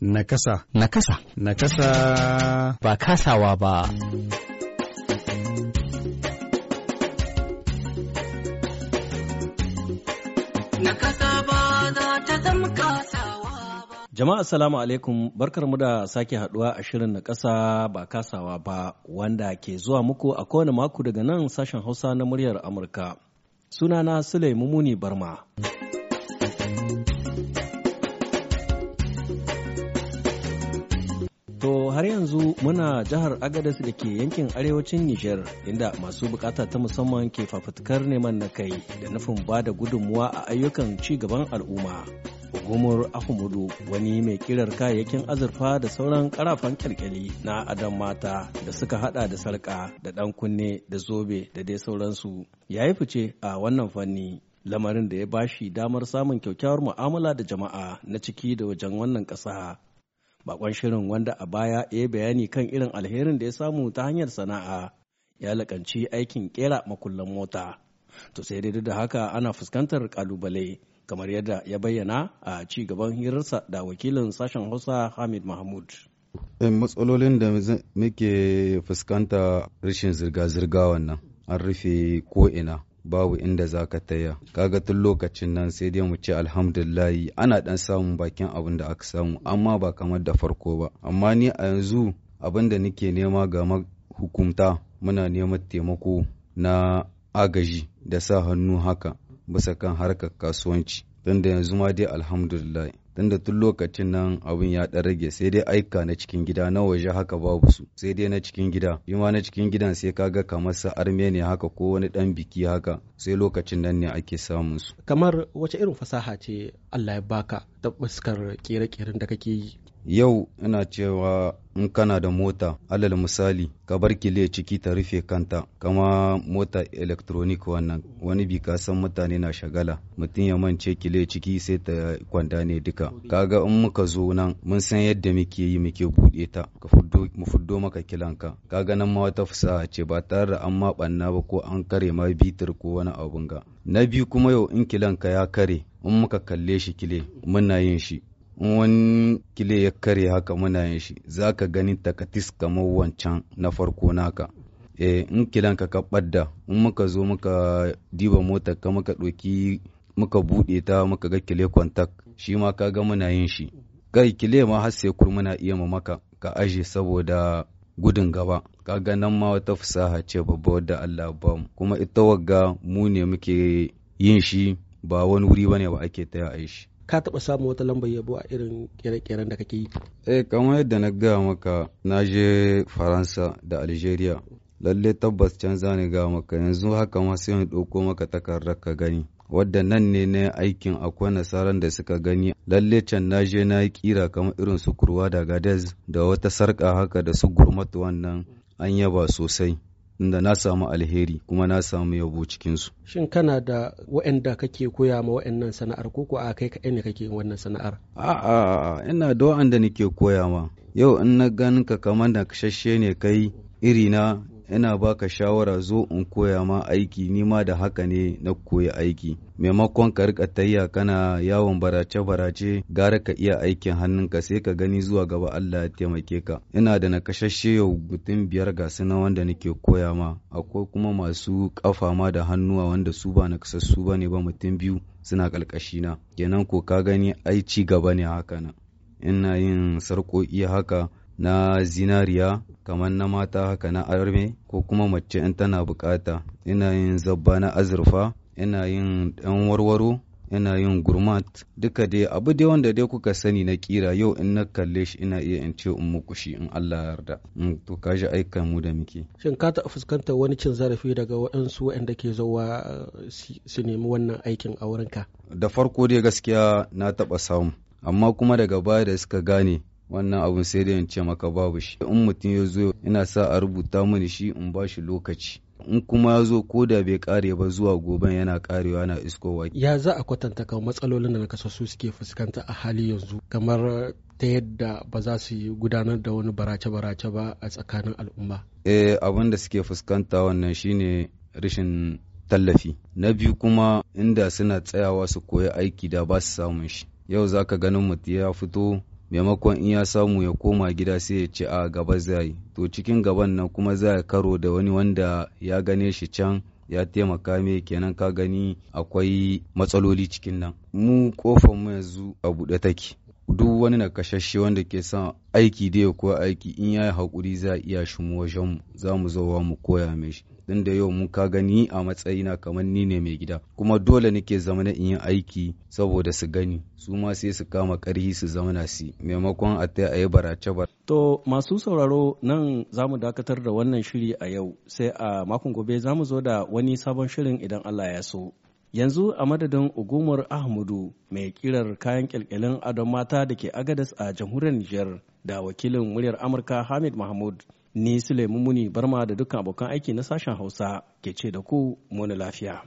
Nakasa. Nakasa. Nakasa. Ba kasawa ba. kasa ba za ta zama kasawa ba. Jama'a salamu alaikum barkarmu da sake haduwa a shirin na kasa ba kasawa ba wanda ke zuwa muku a kowane mako daga nan sashen hausa na muryar Amurka. Sunana Sule Mumuni Barma. har yanzu muna jihar Agadez da ke yankin arewacin Nijar inda masu bukata ta musamman ke fafutukar neman na kai da nufin ba da gudunmuwa a ayyukan ci gaban al'umma. Hukumar Ahmudu wani mai kirar kayayyakin azurfa da sauran karafan kyalkyali na adam mata da suka hada da sarka da dan kunne da zobe da dai sauransu ya yi fice a wannan fanni. lamarin da ya bashi damar samun kyaukyawar mu'amala da jama'a na ciki da wajen wannan ƙasa bakon shirin wanda a baya ya bayani kan irin alherin da ya samu ta hanyar sana'a ya lakanci aikin kera makullan mota to sai dai da haka ana fuskantar kalubale kamar yadda ya bayyana a ci gaban hirarsa da wakilin sashen hausa hamid mahmud eh, matsalolin da muke fuskanta rashin zirga-zirga wannan an rufe ko'ina babu inda za ka taya kaga tun lokacin nan sai dai mu ce alhamdulillahi ana dan samun bakin abin da aka samu amma ba kamar da farko ba amma ni a yanzu abin da nake nema ga hukumta muna neman taimako na agaji da sa hannu haka bisa kan harkar kasuwanci tunda yanzu ma dai alhamdulillah tunda tun lokacin nan abin ya ɗan rage sai dai aika na cikin gida na waje haka babu su sai dai na cikin gida shi na cikin gidan sai ka ga kamar sa ne haka ko wani ɗan biki haka sai lokacin nan ne ake samun su kamar wace irin fasaha ce Allah ya baka ta fuskar kere-keren da kake yi yau ina cewa in kana da mota alal misali ka bar kile ciki ta rufe kanta kama mota electronic wannan wani bi ka san mutane na shagala mutum ya mance kile ciki sai ta kwanda ne duka kaga in muka zo nan mun san yadda muke yi muke bude ta ka mu fuddo maka kilanka kaga nan ma wata fusaha ce ba tare da an ma banna ba ko an kare ma bitir ko wani abun ga na biyu kuma yau in kilanka ya kare in muka kalle shi kile muna yin shi wani kile ya kare haka muna yin shi za ka gani takatis kamar wancan na farko naka eh, in kilan ka ka da in muka zo muka diba mota ka muka ɗoki muka buɗe ta muka ga kile kwantak shi ma ka ga muna yin shi kai kile ma har sai kur muna iya maka ka aje saboda gudun gaba ka ga nan ma wata fasaha ce babba wadda Allah ba mu kuma ita wagga mu ne muke yin shi ba wani wuri bane ba ake taya a yi shi ka taɓa samun wata lambar yabo a irin kere-keren da kake yi eh kamar yadda na gaya maka na je faransa da algeria lalle tabbas canza ne ga maka yanzu haka ma sai ɗauko maka takardar ka gani wadda nan ne na aikin akwai nasarar da suka gani lalle can na je na yi kira kamar irin su kurwa da gadez da wata sarka haka da su gurmatu wannan an yaba sosai inda na samu alheri kuma na samu yabo cikinsu. Shin kana da wa'anda kake koya ma wa'annan sana'ar ko a kai kaɗai ne kake wannan sana'ar? A'a ina da wa'anda nake koya ma. Yau in na ganin ka kamar da kashashe ne kai iri na ina baka shawara zo in koya ma aiki nima da haka ne na koya aiki maimakon ka rika tayya kana yawon barace barace gara ka iya aikin hannunka sai ka gani zuwa gaba Allah ya taimake ka ina da nakashashe yau mutum biyar ga na wanda nake koya ma akwai kuma masu kafa ma da hannuwa wanda su ba nakasassu bane ba mutum biyu suna kalkashina kenan ko ka gani ai ci gaba ne haka na ina yin iya haka na zinariya kamar na mata haka na arme ko kuma mace in tana bukata ina yin zabba na azurfa ina yin ɗan warwaro ina yin gurmat duka dai abu dai wanda dai kuka sani na kira yau in na kalle shi ina iya in ce in in Allah yarda in mm, to kaji aikan mu da muke shin ka taɓa fuskantar wani cin zarafi daga waɗansu waɗanda ke zuwa eh, su nemi wannan aikin a wurinka da farko dai gaskiya na taɓa samu amma kuma daga baya da suka gane wannan abun sai dai in ce maka babu shi in mutum ya zo ina sa a rubuta mini shi in ba shi lokaci in kuma ya zo ko da bai kare ba zuwa goben yana karewa na iskowa ya za a kwatanta kan matsalolin da su suke fuskanta a hali yanzu kamar ta yadda ba za su gudanar da wani barace-barace ba a tsakanin al'umma eh abin da suke fuskanta wannan shine rashin tallafi na biyu kuma inda suna tsayawa su koyi aiki da ba su samun shi yau zaka ganin mutum ya fito maimakon in ya samu ya koma gida sai ya ce a gaba zai to cikin gaban nan kuma zai karo da wani wanda ya gane shi can ya taimaka mai kenan ka gani akwai matsaloli cikin nan mu kofar mu yanzu a buɗe take duk wani nakashashe wanda ke son aiki da ya koya aiki in ya yi haƙuri za a iya shi mu wajen za mu wa mu koya mai shi din da yau mun ka gani a matsayina kamar ni ne mai gida kuma dole nake zama na yin aiki saboda su gani su ma sai su kama karhi su zama na si maimakon a ta yi barace ba. to masu sauraro nan za mu dakatar da wannan shiri a yau sai a makon gobe za mu zo da wani sabon shirin idan Allah ya so yanzu a madadin ugumar ahmadu mai kirar kayan kyalkyalin adon mata da ke agadas a jamhuriyar nijar da wakilin muryar amurka hamid mahmud ni sulaimu muni barma da dukkan abokan aiki na sashen hausa ke ce da ku muna lafiya.